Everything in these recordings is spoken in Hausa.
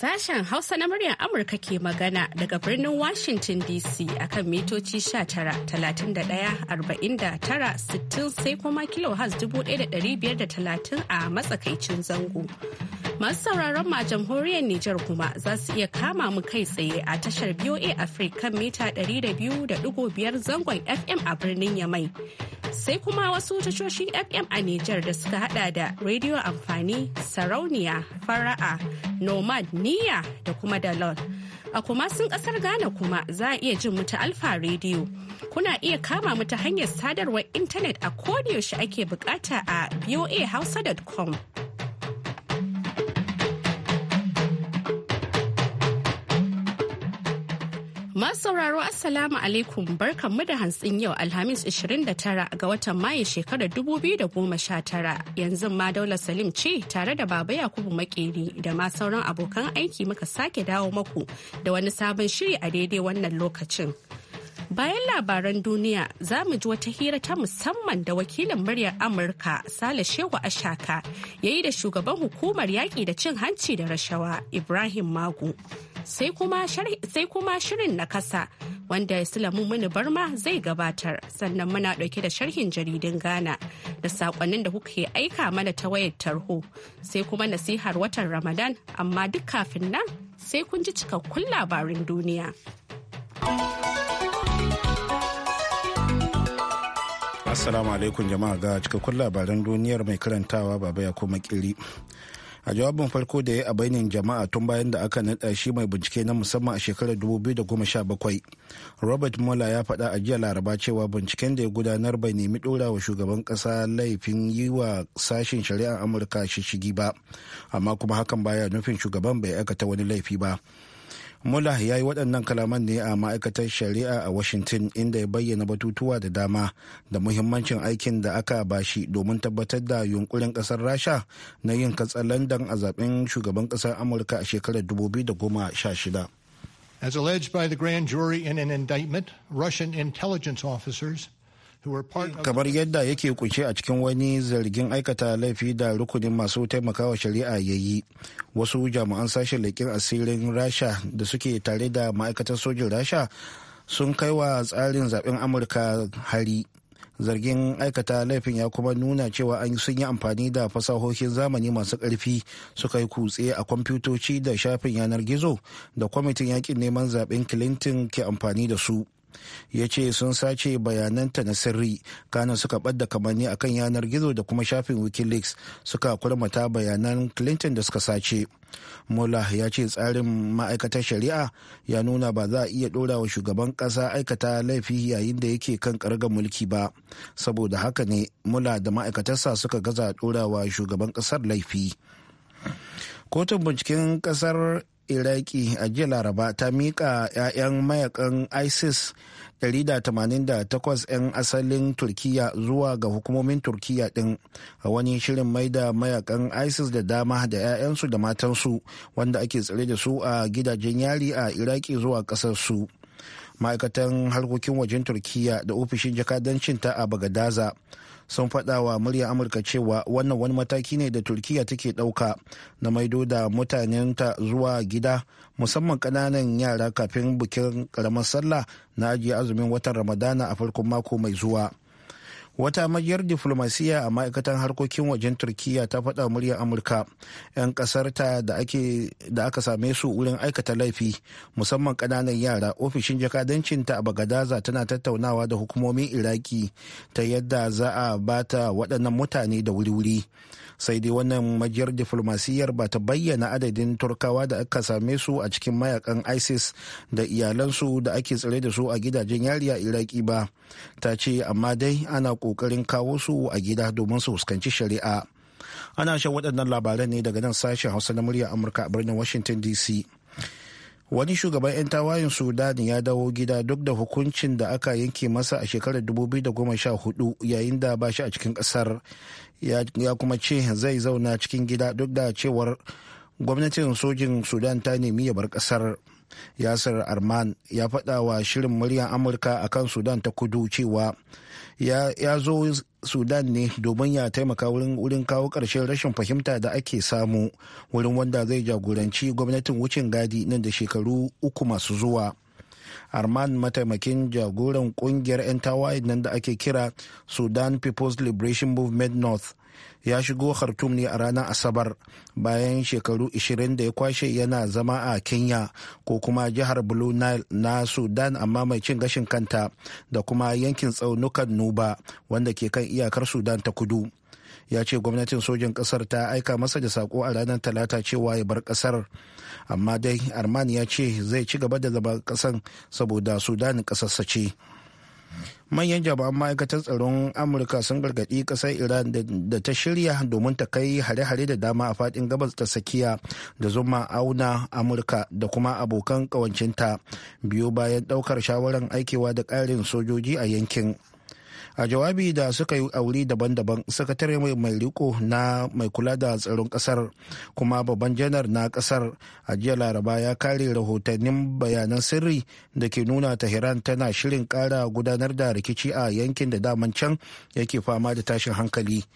Sashen Hausa na muryar Amurka ke magana daga birnin Washington DC akan mitoci 19,31,49,60 sai kuma kilo 1,530 a matsakaicin zango. Masu sauraron ma jamhuriyar Nijar kuma za su iya kama mu kai tsaye a tashar BOA Africa kan mita 200.5 zangon FM a birnin Yamai. Sai kuma wasu tashoshin FM a Nijar da suka hada da Radio Amfani, Sarauniya, Fara'a, Nomad, niya da kuma Dalol. a kuma sun kasar Ghana kuma za a iya jin mu ta Alfa Radio. Kuna iya kama mu ta hanyar sadarwar intanet a yaushe ake bukata a voahausa.com. Masu sauraro Assalamu alaikum barkanmu da hantsin yau Alhamis 29 ga watan Mayu shekarar 2019 yanzu ma Daula Salim ce tare da Baba Yakubu Makeri da ma sauran abokan aiki muka sake dawo maku da wani sabon shiri a daidai wannan lokacin. Bayan labaran duniya za mu ji wata hira ta musamman da wakilin muryar Amurka Sale Shehu Ashaka ya yi da shugaban hukumar yaƙi da cin hanci da rashawa Ibrahim Magu. Sai kuma shirin na kasa wanda Sulamu Mini Barma zai gabatar sannan muna ɗauke da sharhin jaridun Ghana da saƙonnin da kuka aika mana ta wayar tarho sai kuma nasihar watan Ramadan amma duk kafin nan sai kun ji cikakkun labarin duniya. Assalamu alaikum jama'a ga cikakkun labaran duniyar mai karantawa baba ya kuma kiri. A jawabin farko da ya a bainin jama'a tun bayan da aka naɗa shi mai bincike na musamman a shekarar 2017, Robert Mueller ya faɗa a jiya laraba cewa binciken da ya gudanar bai nemi ɗora wa shugaban ƙasa laifin yi wa sashen shari'ar Amurka shishigi ba, amma kuma hakan baya nufin shugaban bai aikata wani laifi ba. Mula ya yi waɗannan kalaman ne a ma'aikatar shari'a a Washington inda ya bayyana batutuwa da dama da muhimmancin aikin da aka bashi domin tabbatar da yunkurin ƙasar Rasha na yin katsalandan a zaben shugaban ƙasar Amurka a shekarar 2016. As alleged by the grand jury in an indictment, Russian intelligence officers kamar yadda yake kunshe a cikin wani zargin aikata laifi da rukunin masu taimakawa shari'a ya yi wasu jami'an sashen leƙin asirin rasha da suke tare da ma'aikatan sojin rasha sun kai wa tsarin zaben amurka hari zargin aikata laifin ya kuma nuna cewa an sun yi amfani da fasahohin zamani masu ƙarfi suka yi kutse a kwamfutoci da shafin yanar gizo da kwamitin yaƙin neman zaben clinton ke amfani da su ya ce sun sace bayananta na sirri kana suka ɓadda kamanni a kan yanar gizo da kuma shafin wikileaks suka kurmata bayanan clinton da suka sace mola ya ce tsarin ma'aikatar shari'a ya nuna ba za a iya ɗora wa shugaban ƙasa aikata laifi yayin da yake kan ƙargar mulki ba saboda haka ne mula da ma'aikatarsa suka gaza ɗora wa shugaban ƙasar laifi kotun binciken ƙasar iraki a jiya laraba ta miƙa 'ya'yan mayakan isis 188 'yan asalin turkiya zuwa ga hukumomin turkiya ɗin a wani shirin maida mayakan isis da dama da 'ya'yansu da matansu wanda ake tsare da su a gidajen yari a iraki zuwa ƙasarsu ma'aikatan harkokin wajen turkiya da ofishin jakadancinta a bagadaza sun faɗa wa murya amurka cewa wannan wani mataki ne da turkiya take ɗauka na maido da mutanen ta zuwa gida musamman ƙananan yara kafin bikin karamar sallah na ajiye azumin watan ramadana a farkon mako mai zuwa wata majiyar diflomasiya a ma'aikatan harkokin wajen turkiya ta faɗa muryar amurka 'yan ƙasarta da aka same su wurin aikata laifi musamman ƙananan yara ofishin jakadancinta a bagadaza tana tattaunawa da hukumomin iraki ta yadda za a bata waɗannan mutane da wuri-wuri sai dai wannan majiyar diflomasiyyar ba ta bayyana adadin turkawa da aka same su a cikin mayakan isis da iyalansu da ake tsare da su a gidajen yari a iraki ba ta ce amma dai ana kokarin kawo su a gida domin su fuskanci shari'a ana shan waɗannan labaran ne daga nan sashen hausa na murya amurka a birnin washington dc wani shugaban 'yan tawayen sudan ya dawo gida duk da hukuncin da aka yanke masa a shekarar 2014 yayin da ba shi a cikin kasar ya kuma ce zai zauna cikin gida duk da cewar gwamnatin sojin sudan ta nemi ya bar kasar. yasir arman ya faɗa wa shirin muryar amurka a kan sudan ta kudu cewa ya zo sudan ne domin ya taimaka wurin kawo ƙarshen rashin fahimta da ake samu wurin wanda zai jagoranci gwamnatin wucin gadi nan da shekaru uku masu zuwa arman mataimakin jagoran kungiyar 'yan tawaye nan da ake kira sudan people's liberation movement north ya shigo khartum ne a ranar asabar bayan shekaru 20 da ya kwashe yana zama a kenya ko kuma jihar blue nile na sudan amma mai cin gashin kanta da kuma yankin tsaunukan nuba wanda ke kan iyakar sudan ta kudu ya ce gwamnatin sojin kasar ta aika masa da sako a ranar talata cewa ya bar kasar amma dai arman ya ce zai ci gaba da zama kasan saboda sudan kasassace. ce manyan jami'an ma'aikatar tsaron amurka sun gargaɗi ƙasar iran da ta shirya domin ta kai hare-hare da dama a faɗin gabas ta tsakiya da zuma auna amurka da kuma abokan ƙawancinta biyu bayan ɗaukar shawarar aikewa da ƙarin sojoji a yankin a jawabi da suka yi a wuri daban-daban sakatare mai mai riko na mai kula da tsaron kasar kuma babban janar na kasar a jiya laraba ya kare rahotannin bayanan sirri da ke nuna tehran tana shirin kara gudanar da rikici a yankin da daman can yake fama da tashin hankali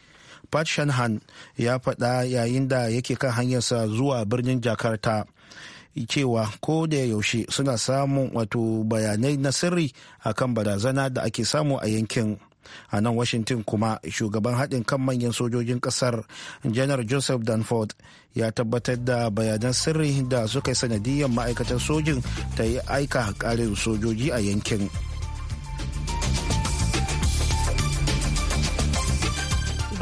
pat shanhan ya faɗa yayin da yake kan hanyarsa zuwa birnin jakarta cewa ko da yaushe suna samun wato bayanai na sirri akan barazana da ake samu a yankin. a nan washington kuma shugaban haɗin kan manyan sojojin ƙasar janar joseph danford ya tabbatar da bayanan sirri da suka yi sanadiyyar ma'aikatar sojin ta yi aika ƙarin sojoji a yankin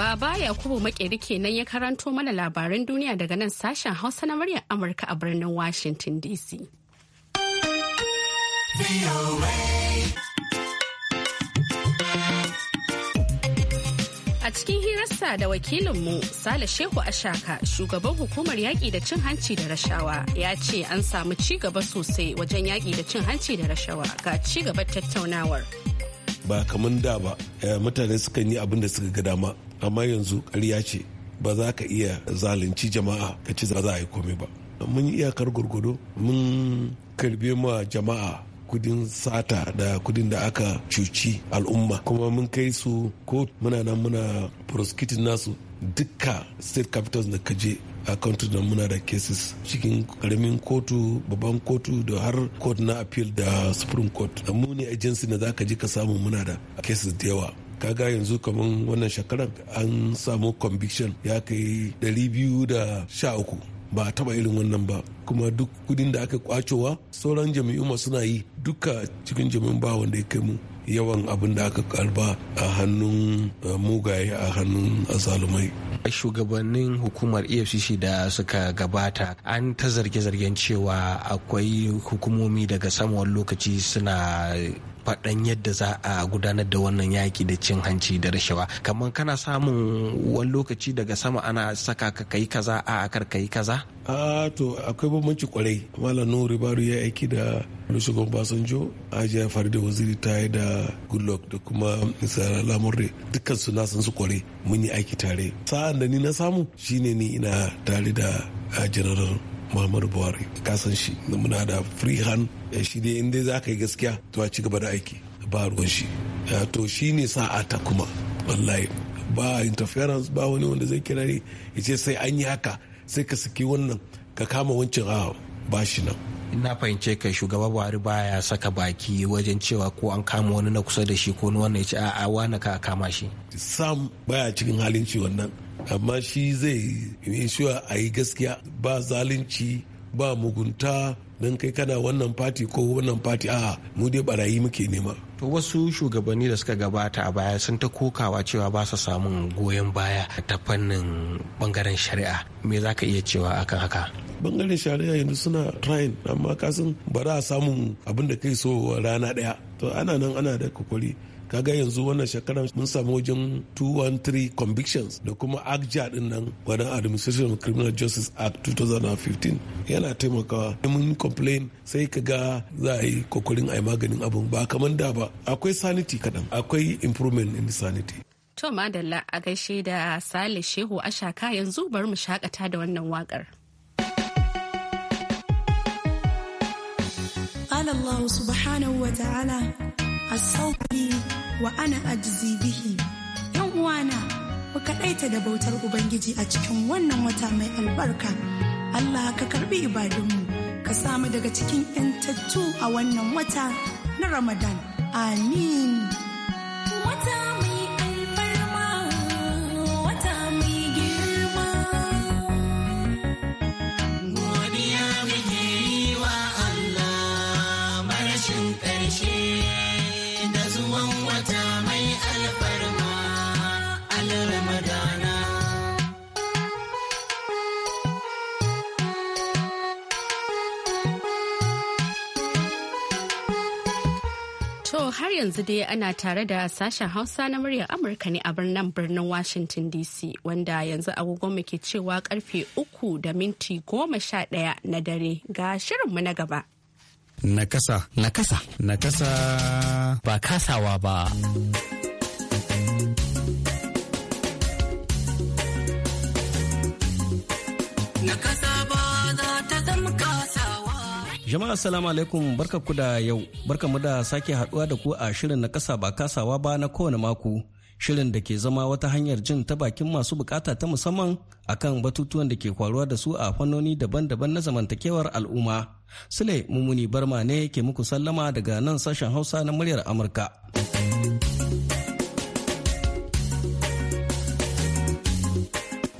Baba Yakubu Makeri kenan ya karanto mana labaran duniya daga nan sashen Hausa na muryar Amurka a birnin Washington DC. Yasa da wakilinmu Sale Shehu Ashaka shugaban hukumar yaƙi da cin hanci da rashawa ya ce an samu ci gaba sosai wajen yaƙi da cin hanci da rashawa ga ci gaba tattaunawar. Ba kamar da ba eh, mutane sukan yi abin da suka ga dama amma yanzu ƙarya ce ba za ka iya zalunci jama'a ka ci za a yi komai ba. Mun yi iyakar gurgudu mun karbe ma jama'a kudin sata da kudin da aka cuci al'umma kuma mun kai su ko muna nan muna prosecuting nasu dukka state capitals da kaje a country da muna da cases cikin karamin kotu babban kotu da har court na appeal da supreme court da mu ne agency da za ka je ka samu muna da cases da yawa kaga yanzu kamar wannan shekarar an samu conviction ya kai 213 ba a taba irin wannan ba kuma duk kudin da aka kwacewa sauran jami'u masu suna yi duka cikin jami'un ba wanda ya kai mu yawan abin da aka karba a hannun mugaye a hannun azalumai shugabannin hukumar efcc da suka gabata an ta zarge-zargen cewa akwai hukumomi daga samuwar lokaci suna faɗan yadda za a gudanar da wannan yaƙi da cin hanci da rashawa kamar kana samun wani lokaci daga sama ana saka ka kai kaza a akar kai kaza a to akwai bambanci kwarai malam nuri baru ya aiki da olusegun basanjo ajiya da waziri ta yi da goodluck da kuma nisara lamurre dukkan su na san su kwarai mun yi aiki tare sa'an da ni na samu shine ni ina tare da general muhammadu buhari ka san shi muna da free hand eh, shi dai in za ka yi gaskiya to a ci gaba da aiki ba ruwan shi to shi ne sa'a ta kuma wallahi ba interference ba wani wanda zai kira ni ya ce sai an yi haka sai ka saki wannan ka kama wancan a ba shi nan ina fahimce kai shugaba buhari baya saka baki wajen cewa ko an kama wani na kusa da shi ko wani ya ce a'a wani ka kama shi sam baya cikin halin ci wannan amma shi zai shiwa a yi gaskiya ba zalunci ba mugunta don kai kana wannan fati ko wannan fati a mu dai barayi muke nema to wasu shugabanni da suka gabata a baya sun ta kokawa cewa ba su samun goyon baya ta fannin bangaren shari'a me za ka iya cewa akan haka bangaren shari'a yanzu suna trying amma kasan ba za a samun abin da kai so rana daya to ana nan ana da kokari kaga yanzu wannan shekarar mun samu wajen 213 convictions da kuma agja din nan wadan administration of criminal justice act 2015 yana taimakawa mun complain sai ka ga za a yi kokarin a yi maganin abun ba kamar da ba akwai sanity kadan akwai improvement in sanity to madalla a gaishe da sale shehu ashaka yanzu bari mu shakata da wannan wakar قال subhanahu سبحانه وتعالى asauki wa ana ajzi bihi yan uwana ku kaɗaita da bautar ubangiji a cikin wannan wata mai albarka Allah ka karbi ibadunmu ka samu daga cikin 'yantattu a wannan wata na Ramadan. Amin. Wata mai yanzu dai ana tare da sashen Hausa na muryar Amurka ne a birnin birnin Washington DC wanda yanzu agogonmu ke cewa karfe uku da minti goma sha ɗaya na dare ga shirinmu na gaba. Nakasa. Nakasa. Nakasa. Ba kasawa ba. Jama'a salamu alaikum ku da yau mu da sake haduwa da ku a shirin na kasa ba kasawa ba na kowane mako shirin da ke zama wata hanyar jin ta bakin masu bukata ta musamman akan batutuwan da ke kwaruwa da su a fannoni daban-daban na zamantakewar al'umma. Sule Mumuni Barma ne ke muku sallama daga nan sashen Hausa na muryar Amurka.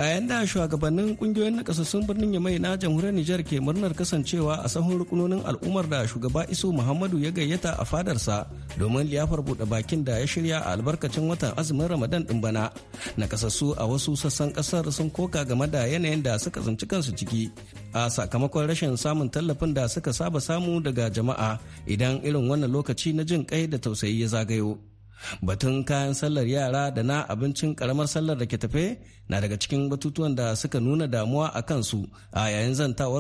a yayin da shugabannin kungiyoyin nakasassun birnin yamai na jamhuriyar nijar ke murnar kasancewa a sahun rukunonin al'ummar da shugaba iso muhammadu ya gayyata a fadarsa domin liyafar buɗe bakin da ya shirya a albarkacin watan azumin ramadan ɗin bana Naƙasassu a wasu sassan kasar sun koka game da yanayin da suka tsinci kansu ciki a sakamakon rashin samun tallafin da suka saba samu daga jama'a idan irin wannan lokaci na jin kai da tausayi ya zagayo batun kayan sallar yara da na abincin karamar sallar da ke tafe na daga cikin batutuwan da suka nuna damuwa a kansu a yayin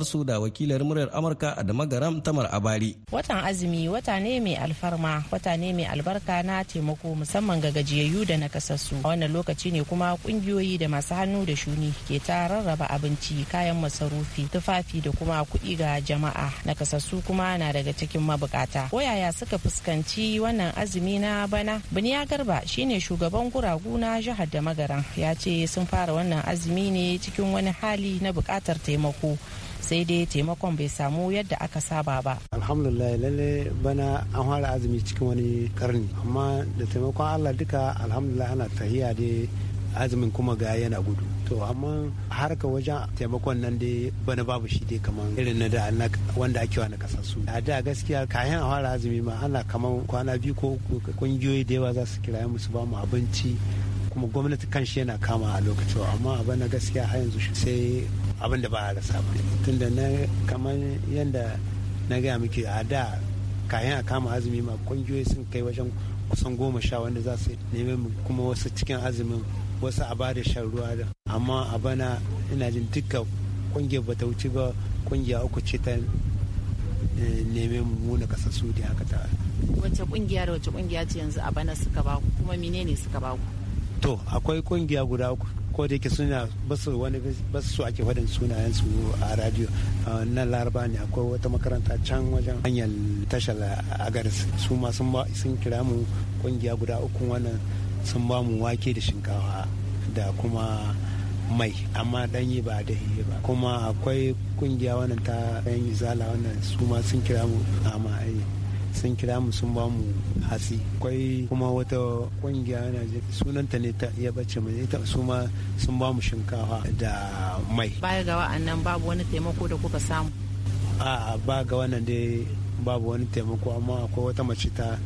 su da wakilar muryar amurka a magaram tamar abari watan azumi wata ne mai alfarma wata ne mai albarka na taimako musamman ga gajiyayyu da nakasassu a wannan lokaci ne kuma kungiyoyi da masu hannu da shuni ke ta rarraba abinci kayan masarufi tufafi da kuma kuɗi ga jama'a nakasassu kuma na daga cikin mabukata ko yaya suka fuskanci wannan azumi na bana ya garba shine shugaban guragu na jihar da magaran ya ce sun fara wannan azumi ne cikin wani hali na bukatar taimako sai dai taimakon bai samu yadda aka saba ba alhamdulillah lalle bana an fara azumi cikin wani karni amma da taimakon allah duka alhamdulillah ana tahiya dai azumin kuma ga yana gudu to amma harka wajen taimakon nan dai bana babu shi dai kamar irin na da wanda ake wa na su a da gaskiya kayan a fara azumi ma ana kamar kwana biyu ko kungiyoyi da yawa za su kira mu su ba mu abinci kuma gwamnati kan shi yana kama a lokacin amma a bana gaskiya har yanzu sai abin da ba a rasa ba tunda na kamar yadda na gaya miki a da kayan a kama azumi ma kungiyoyi sun kai wajen kusan goma sha wanda za su nemi kuma wasu cikin azumin wasu a bada shan ruwa da amma a bana ina jin duka kungiyar bata wuce ba kungiya uku ce ta eh, neme mummuna su da haka ta wace kungiya da wace kungiya ce yanzu a bana suka baku kuma menene suka baku to akwai kungiya guda uku ko da yake suna basu wani basu su ake faɗin sunayen su a radio na laraba ne akwai wata makaranta can wajen hanyar tashar agaris su ma sun kira mu kungiya guda uku wannan sun ba mu wake da shinkafa da kuma mai amma yi ba da yi ba kuma akwai kungiya wannan ta yan zala wannan su ma sun kira mu amma sun kira mu sun ba mu hatsi akwai kuma wata kungiya yana sunanta ne ta ya bace mu ita su ma sun ba mu shinkafa da mai baya ga wa'annan babu wani taimako da kuka samu a ba ga wannan dai babu wani taimako amma akwai wata mace ta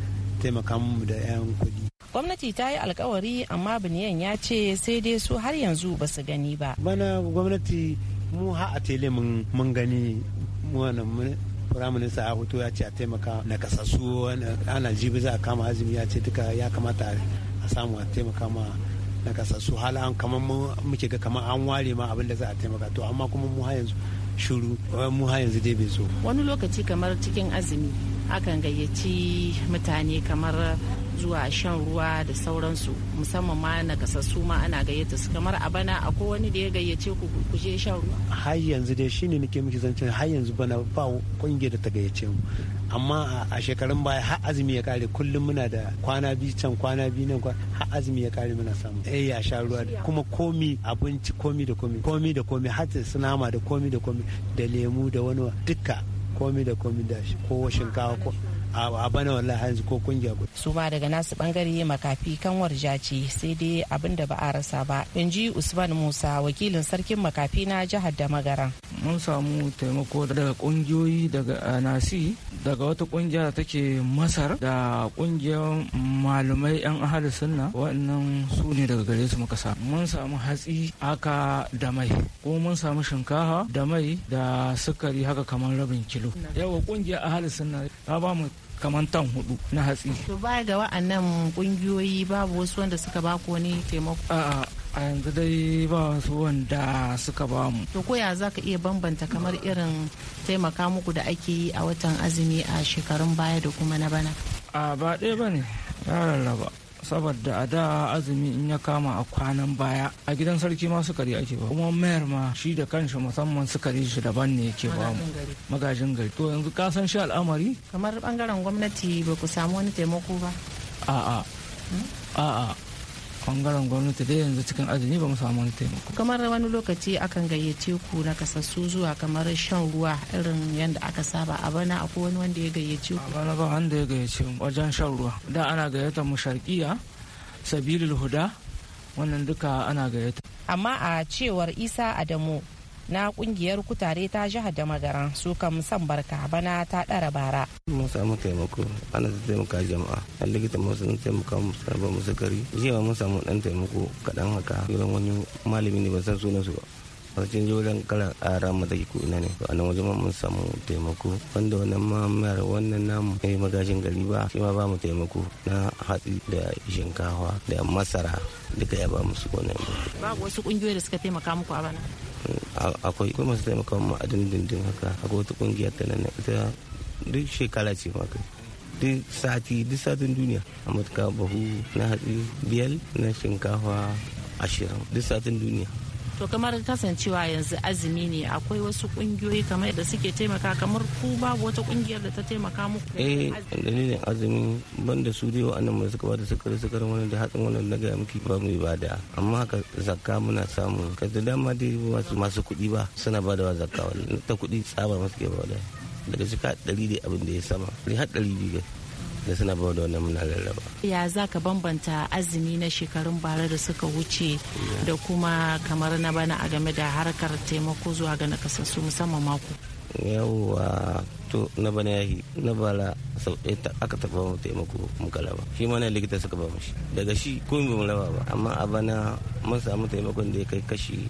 taimaka mu da 'yan kuɗi gwamnati ta yi alkawari amma biniyan ya ce sai dai su har yanzu ba su gani ba bana gwamnati mu ha a tele mun gani wannan firaminista ya hoto ya ce a taimaka na kasassu ana jibi za a kama azumi ya ce duka ya kamata a samu a taimaka ma na kasassu hala an kamar muke ga kamar an ware ma abin da za a taimaka to amma kuma mu yanzu shuru mu yanzu dai bai zo wani lokaci kamar cikin azumi akan gayyaci mutane kamar zuwa shan ruwa da sauransu musamman ma na kasassu ma ana gayyata su kamar a bana akwai wani da ya gayyace ku ku je shan ruwa har yanzu dai shine nake miki zancen har yanzu bana ba kungiyar da ta gayyace mu amma a shekarun baya har azumi ya kare kullum muna da kwana biyu can kwana biyu nan har azumi ya kare muna samu eh ya sha ruwa kuma komi abinci komi da komi komi da komi har su nama da komi da komi da lemu da wani duka komi da komi da kowa shinkawa ko a bana wallahi yanzu ko kungiya guda su ba daga nasu bangare makafi kanwar jaci sai dai abinda ba a rasa ba in ji usman musa wakilin sarkin makafi na jihar da magara mun samu taimako daga kungiyoyi daga eh, nasi daga wata kungiya da take masar da kungiyar malumai yan ahalin sunna wannan su ne daga gare su muka samu mun samu hatsi aka da mai ko mun samu shinkafa da mai da sukari haka kamar rabin kilo yawa kungiyar ahalin sunna ta ba mu kamar tan hudu na hatsi. To baya ga wa'annan kungiyoyi babu wasu wanda suka ba ku wani taimako? A'a a yanzu dai ba wasu wanda suka ba mu. To koya za ka iya bambanta kamar irin taimaka muku da ake yi a watan azumi a shekarun baya da kuma na bana? A ba ɗaya ba ne, ya rarraba. saboda a da azumi in ya kama a kwanan baya a gidan sarki ma sukari ake ba kuma mayar ma shi da kanshi musamman sukari shi daban ne yake ba mu magajin gari to yanzu ka san shi al'amari kamar bangaren gwamnati ba ku samu wani taimako ba a'a a'a bangaren gwamnati da yanzu cikin azumi ba mu samu wani taimako kamar wani lokaci akan gayyace ku na kasassu zuwa kamar shan ruwa irin yadda aka saba a bana akwai wani wanda ya gayyace ku bana ba wanda ya gayyace mu wajen shan ruwa da ana gayyata mu sharkiya sabilul huda wannan duka ana gayyata amma a cewar isa adamu na kungiyar kutare ta jihar da magara su kan san barka bana ta dara bara. mun samu taimako ana ta taimaka jama'a a likita mu sun taimaka mu ba musu gari jiya mun samu dan taimako kadan haka gidan wani malami ne ban san sunan su ba cin je wajen kala ƙara mata ko ina ne a nan wajen mun samu taimako wanda wannan mamayar wannan namu ya magajin gari ba shi ma ba mu taimako na hatsi da shinkafa da masara duka ya ba musu wannan babu wasu ƙungiyoyi da suka taimaka muku a bana akwai kuma masu taimaka mu a dindindin haka akwai wata kungiya ta nan ita duk shekara ce ma kai duk sati duk satin duniya a matuka bahu na hatsi biyal na shinkafa ashirin duk satin duniya to kamar kasancewa yanzu azumi ne akwai wasu kungiyoyi kamar da suke taimaka kamar ku babu wata kungiyar da ta taimaka muku eh dalilin azumi ban da su dai wa'annan mai suka bada sukari sukari wani da hatsin wani na gaya muke ba mu ibada amma haka zakka muna samu ka da dama dai masu masu kuɗi ba suna bada zakka wani ta kuɗi tsaba masu ke bada daga suka ɗari da abin da ya sama har ɗari biyu da suna bawa da wannan muna lallaba ya za ka bambanta azumi na shekarun bara da suka wuce da kuma kamar na bana a game da harkar taimako zuwa ga nakasassu musamman mako yawwa to na bana ya yi na bala sau ɗaya aka taɓa mu taimako mu galaba shi ma na likita suka ba shi daga shi ko ba mu raba ba amma a bana mun samu taimakon da ya kai kashi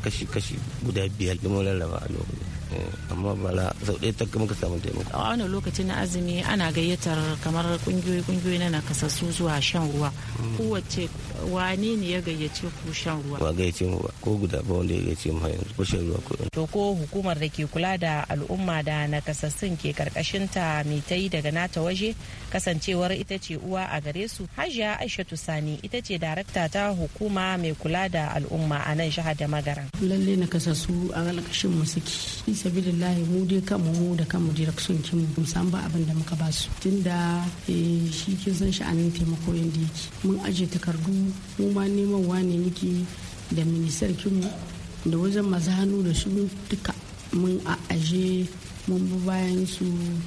kashi kashi guda biyar da mun raba a lokacin Eh, amma bala sau ɗaya ta ka samu taimako a wani lokacin na azumi ana gayyatar kamar kungiyoyi kungiyoyi na nakasassu zuwa shan ruwa hmm. kowace wane ne ya gayyace ku shan ruwa ba gayyace mu ba ko guda ba wanda ya gayyace mu yanzu ko shan ruwa ko to ko hukumar da ke kula da al'umma da nakasassun ke karkashin ta mai ta yi daga nata waje kasancewar ita ce uwa a gare su hajiya aisha sani ita ce darakta ta hukuma mai kula da al'umma a nan jihar da magaran lalle nakasassu a alƙashin mu suke sabilillah mu dai kanmu mu da kanmu direction kin mu san ba abin da muka basu. su tunda eh, shi kin san sha'anin taimako yanda yake mun aje takardu mu ma neman wane muke da kin mu da wajen maza hannu da su duka mun a aje mun bi bayan su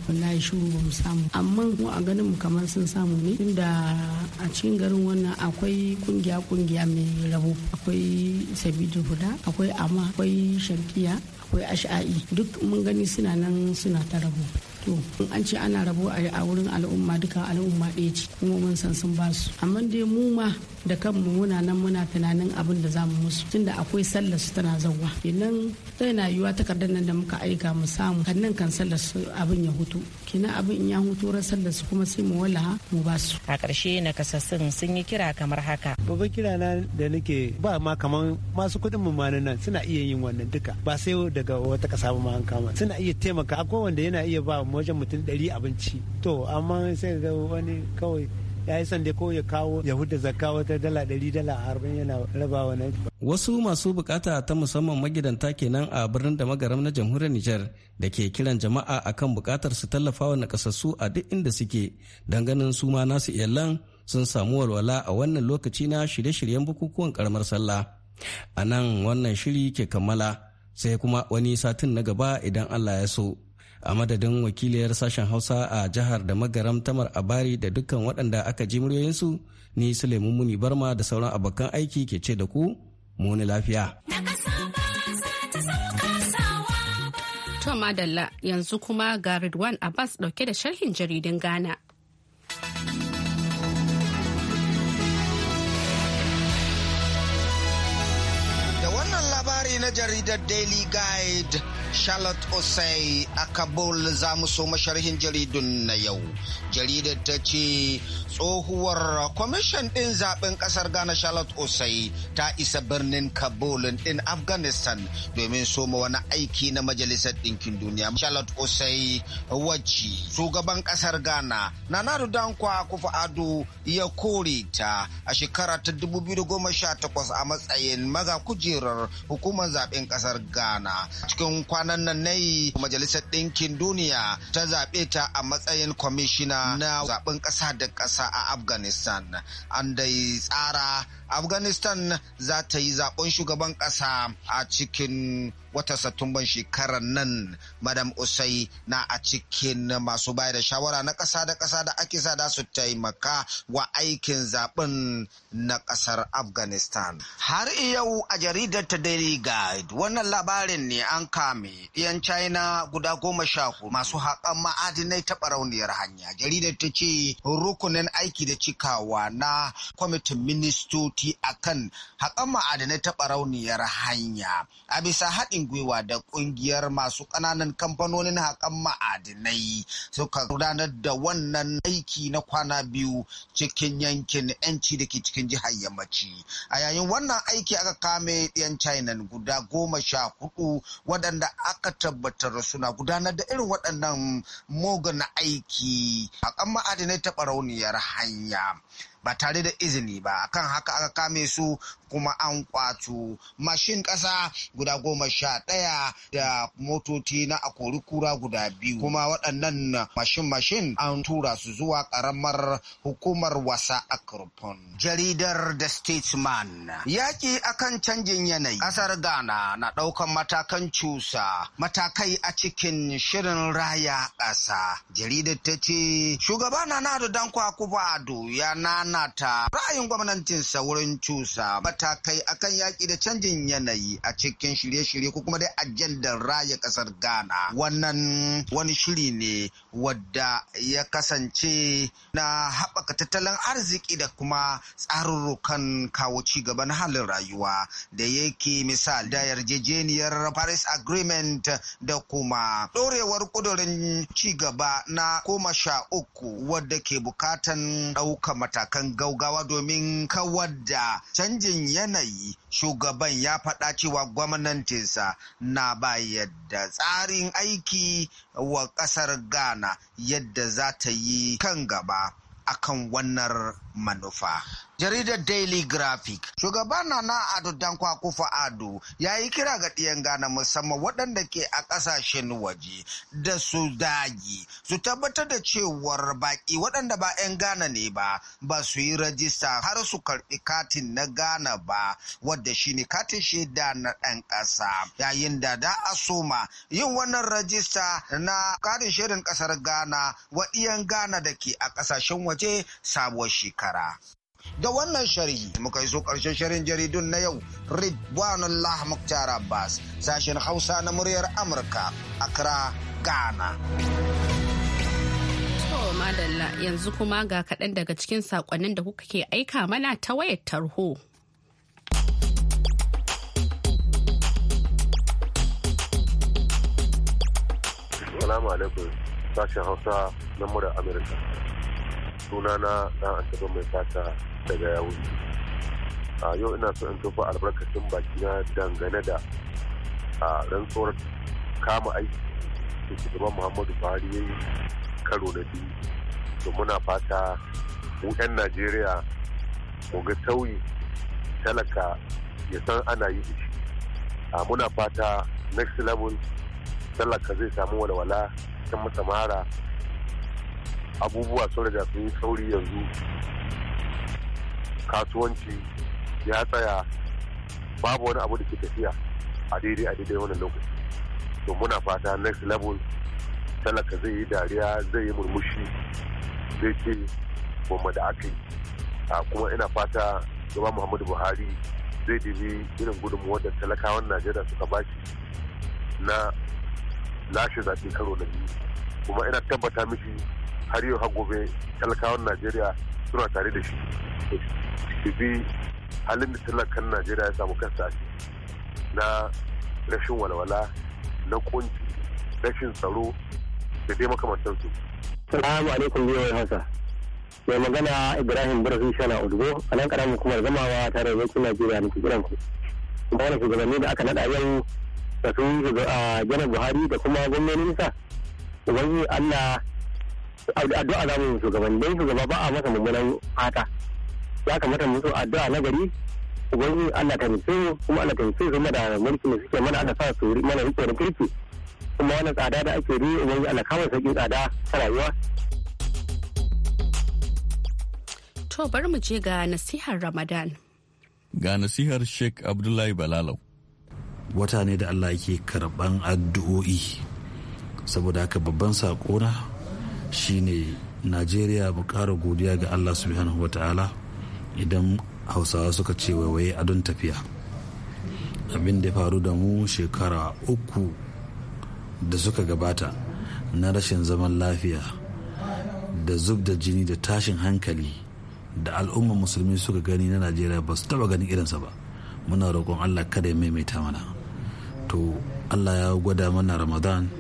wallahi shiru ba mu samu amma mu a ganin mu kamar sun samu ne tunda a cikin garin wannan akwai kungiya kungiya mai rabo akwai sabidu huda akwai ama akwai shantiya akwai ash'a'i e. duk mun gani suna nan suna ta rabo to an ce ana rabo a wurin al'umma duka al'umma ɗaya ce kuma mun san sun ba su amma dai mu ma da kanmu muna nan muna tunanin abin da zamu musu tunda akwai sallar su tana zawwa kenan tana yiwuwa takardar nan da muka aika mu samu kan nan kan sallar su abin ya hutu kenan abin in ya hutu rasar da su kuma sai mu wallaha mu ba su a ƙarshe na kasassun sun yi kira kamar haka babban kira na da nake ba ma kamar masu kuɗin mu ma nan suna iya yin wannan duka ba sai daga wata ƙasa ba ma an kama suna iya taimaka akwai wanda yana iya ba wajen mutum ɗari abinci to amma sai ga wani kawai ya yi sanda ko ya kawo ya hudu zakka wata dala ɗari dala arba'in yana rabawa na wasu masu bukata ta musamman magidanta kenan a birnin da magaram na jamhuriyar Nijar da ke kiran jama'a akan bukatar su tallafawa na kasassu a duk inda suke don ganin su ma nasu iyalan sun samu walwala a wannan lokaci na shirye-shiryen bukukuwan karamar sallah a nan wannan shiri ke kammala sai kuma wani satin na gaba idan Allah ya so a madadin wakiliyar sashen hausa a jihar da magaram tamar abari da dukkan waɗanda aka ji muryoyinsu ni suleiman muni barma da sauran abokan aiki ke ce da ku muni lafiya to madalla yanzu kuma ga ridwan abbas dauke da sharhin jaridin ghana da wannan labari na jaridar daily guide Charlotte Osei a Kabul za mu so masharhin jaridun na yau. Jaridar ta ce tsohuwar kwamishin ɗin zaɓen ƙasar Ghana Charlotte Osei ta isa birnin Kabul ɗin Afghanistan domin soma wani aiki na Majalisar Ɗinkin Duniya. Charlotte Osei wacce shugaban ƙasar Ghana na Nana Dankwa Kufa Ado ya kore ta a shekara ta 2018 a matsayin maga kujerar hukumar zaɓen ƙasar Ghana cikin kwana ranar nan ne majalisar ɗinkin duniya ta zaɓe ta a matsayin kwamishina na zaɓen ƙasa da ƙasa a afghanistan an dai tsara afghanistan za ta yi zaben shugaban ƙasa a cikin wata satumban shekarar nan madam usai na a cikin masu bayar da shawara na ƙasa da ƙasa da ake sa da su taimaka wa aikin zaben na ƙasar afghanistan har yau a jaridar ta daily guide wannan labarin ne an kame ɗiyan china guda goma sha masu haƙan ma'adinai ta barauniyar hanya jaridar ta ce rukunin aiki da cikawa na kwamitin ministo rubuti akan haƙan ma'adanai ta ɓarauniyar hanya a bisa haɗin gwiwa da ƙungiyar masu ƙananan kamfanonin haƙan ma'adanai suka gudanar da wannan aiki na kwana biyu cikin yankin 'yanci da ke cikin jihar yammaci a yayin wannan aiki aka kame 'yan china guda goma sha hudu waɗanda aka tabbatar suna gudanar da irin waɗannan mugun aiki haƙan ma'adanai ta ɓarauniyar hanya ba tare da izini ba akan haka aka kame su kuma an kwato mashin ƙasa guda goma sha ɗaya da motoci na akori kura guda biyu kuma waɗannan mashin-mashin an tura su zuwa ƙaramar hukumar wasa a kurfin jaridar the statesman yaƙi akan canjin yanayi ƙasar ghana na ɗaukan matakan cusa matakai a cikin shirin raya ƙasa jaridar ta ce shugaba na nado dankwa kuba ado ya nana nata ra'ayin gwamnatin saurin cusa matakai akan yaƙi da canjin yanayi a cikin shirye-shirye ko kuma dai ajandar raya ƙasar Ghana. Wannan wani shiri ne wadda ya kasance na haɓaka tattalin arziki da kuma tsarurrukan kawo ci gaban halin rayuwa da yake misal da yarjejeniyar Paris Agreement da kuma ɗorewar ƙudurin ci gaba na koma sha uku wadda ke bukatan ɗaukar matakan matakan gaugawa domin kawar da canjin yanayi shugaban ya faɗa cewa gwamnatinsa na bayar da tsarin aiki wa ƙasar ghana yadda za ta yi kan gaba akan wannan manufa. Jaridar Daily Graphic, shugaba na Ado Dankwa Kufa Ado ya yi kira ga ɗiyan Ghana musamman waɗanda ke a ƙasashen waje da su dagi su tabbatar da cewar baƙi waɗanda ba 'yan Ghana ne ba ba su yi rajista har su karɓi katin na Ghana ba wadda shi ne katin shaida na ɗan ƙasa yayin da da a soma yin wannan rajista na katin shirin ƙasar Ghana wa ɗiyan Ghana da ke a ƙasashen waje sabuwar shekara. Da wannan sharhi muka yi so ƙarshen shirin jaridun na yau Ridwanullah Muktar Abbas sashen Hausa na muryar Amurka Accra Ghana. madalla yanzu kuma ga kaɗan daga cikin saƙonnin da kuka ke aika mana ta wayar tarho. Salamu alaikum sashen Hausa na murar Amurka. sunana dan antaba mai fata daga yawon a yau ina so in tofa albarkacin na dangane da a rantsuwar kama aiki da shugaban muhammadu buhari ya yi karo na biyu to muna fata mu 'yan najeriya mu ga tauyi talaka ya san ana yi shi a muna fata next level talaka zai samu walwala cikin masamara abubuwa sun riga sun yi sauri yanzu kasuwanci ya tsaya babu wani abu da ke tafiya a daidai a daidai wannan lokaci to muna fata next level talaka zai yi dariya zai yi murmushi zai ce goma da aka yi kuma ina fata gaba muhammadu buhari zai dibi irin gudunmuwar da talakawan najeriya suka baki na lashe zafi karo na biyu kuma ina tabbata miki har yau har gobe talakawan najeriya suna tare da shi su bi halin da talakan najeriya ya samu kansa na rashin walwala na kunci rashin tsaro da dai makamantansu. Salamu alaikum biyowar Hausa. Mai magana Ibrahim Burafin Shana Udugo a nan karamin hukumar gamawa tare da yankin Najeriya na kiran ku. Kuma wani shugabanni da aka naɗa yau da sun yi a janar Buhari da kuma gwamnonin sa. Ubangiji Allah addu'a za mu shugabanni don shugaba ba a masa mummunan fata ya kamata mu so addu'a na gari ubangi Allah ta nufi kuma Allah ta nufi kuma da mulki da suke mana Allah sa su mana rike da kirki kuma wannan tsada da ake yi ubangi Allah kawai sakin tsada ta rayuwa to bari mu je ga nasihar Ramadan ga nasihar Sheikh Abdullahi Balalau wata ne da Allah yake karban addu'o'i saboda haka babban sakona shine najeriya mu ƙara godiya ga allah subhanahu wa ta'ala idan hausawa suka ce waiwaye don tafiya abin da ya faru da mu shekara uku da suka gabata na rashin zaman lafiya da zub da jini da tashin hankali da al'ummar musulmi suka gani na najeriya ba su taba ganin irinsa ba muna roƙon allah kada ya maimaita mana to allah ya gwada mana ramadan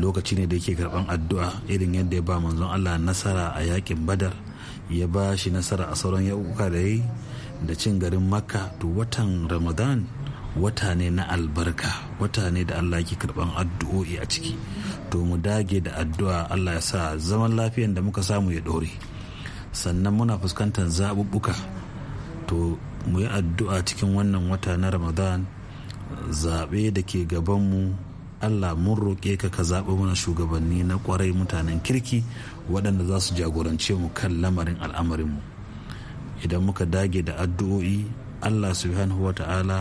lokaci ne da yake karban addu'a irin yadda ya ba manzon Allah nasara a yakin badar ya ba shi nasara a sauran yakuka da yi da cin garin makka to watan ramadan wata ne na albarka wata ne da allah yake karban addu'o'i a ciki to mu dage da addu'a allah ya sa zaman lafiyan da muka samu ya dore sannan muna fuskantar zaɓuɓɓuka to mu yi addu'a cikin wannan wata na ramadan zaɓe da ke gabanmu allah mun roƙe ka ka zaɓi mana shugabanni na ƙwarai mutanen kirki waɗanda za su jagorance mu kan lamarin al'amarinmu idan muka dage da addu'o'i allah subhanahu wa ta'ala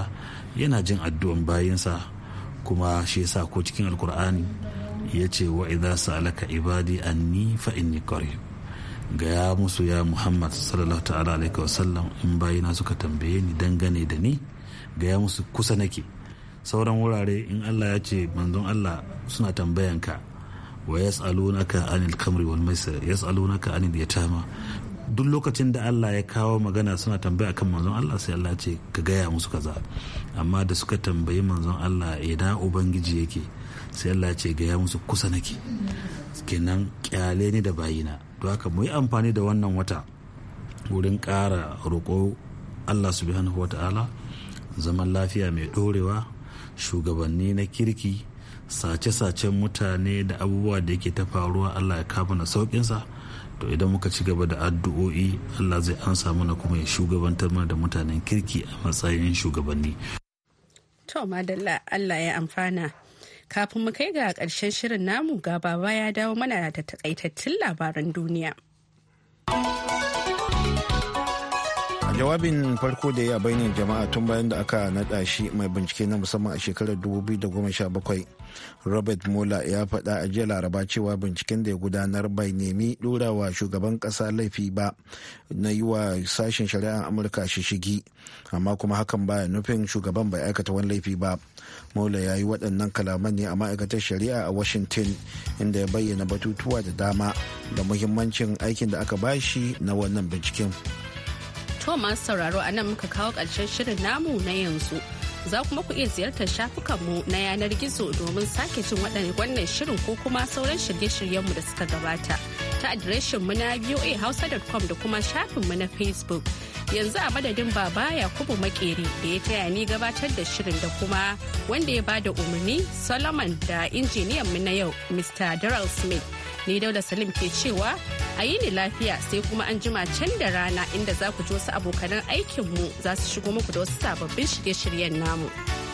yana jin addu'an bayinsa kuma shi yasa ko cikin alkur'ani ya ce wa idza sa'alaka ibadi anni fa inni qarib gaya musu ya muhammad sallallahu ta'ala alaihi sallam in bayina suka tambaye ni dangane da ni gaya musu kusa nake sauran wurare in Allah ya ce manzon Allah suna tambayan ka wa yas'alunaka anil kamri wal maisir yas'alunaka anil yatama duk lokacin da Allah ya kawo magana suna tambaya kan manzon Allah sai Allah ce ka gaya musu kaza amma da suka tambayi manzon Allah ina ubangiji yake sai Allah ce gaya musu kusa nake kenan kyale ni da bayina to haka mu yi amfani da wannan wata wurin ƙara roƙo Allah subhanahu wa ta'ala zaman lafiya mai ɗorewa shugabanni na kirki sace-sacen mutane da abubuwa da yake ta faruwa allah ya kama na sauƙinsa to idan muka ci gaba da addu'o'i allah zai ansa mana kuma ya shugabantar mana da mutanen kirki a matsayin shugabanni to madalla allah ya amfana kafin mu kai ga ƙarshen shirin namu ga baba ya dawo mana da takaitattun labaran duniya. jawabin farko da ya bayyana jama'a tun bayan da aka naɗa shi mai bincike na musamman a shekarar 2017 robert mola ya faɗa a jiya laraba cewa binciken da ya gudanar bai nemi ɗorawa shugaban ƙasa laifi ba na yi wa sashen shari'ar amurka shishigi amma kuma hakan baya nufin shugaban bai aikata wani laifi ba mola ya yi waɗannan kalaman ne a ma'aikatar shari'a a washington inda ya bayyana batutuwa da dama da muhimmancin aikin da aka bashi na wannan binciken. To masu sauraro a nan muka kawo ƙarshen shirin namu na yanzu. Za kuma ku iya ziyartar shafukanmu na yanar gizo domin sake jin wannan shirin ko kuma sauran shirye-shiryenmu da suka gabata. Ta mu na voahausa.com da kuma shafinmu na Facebook. Yanzu a madadin baba Yakubu Makeri da ya taya ni gabatar da shirin da kuma wanda ya bada umarni Solomon da injiniyan mu na yau Mr. Daryl Smith. Ni Daula Salim ke cewa a yi ni lafiya sai kuma an jima can da rana inda za ku ji wasu abokanan aikinmu za su shigo muku da wasu sababbin shirye-shiryen namu.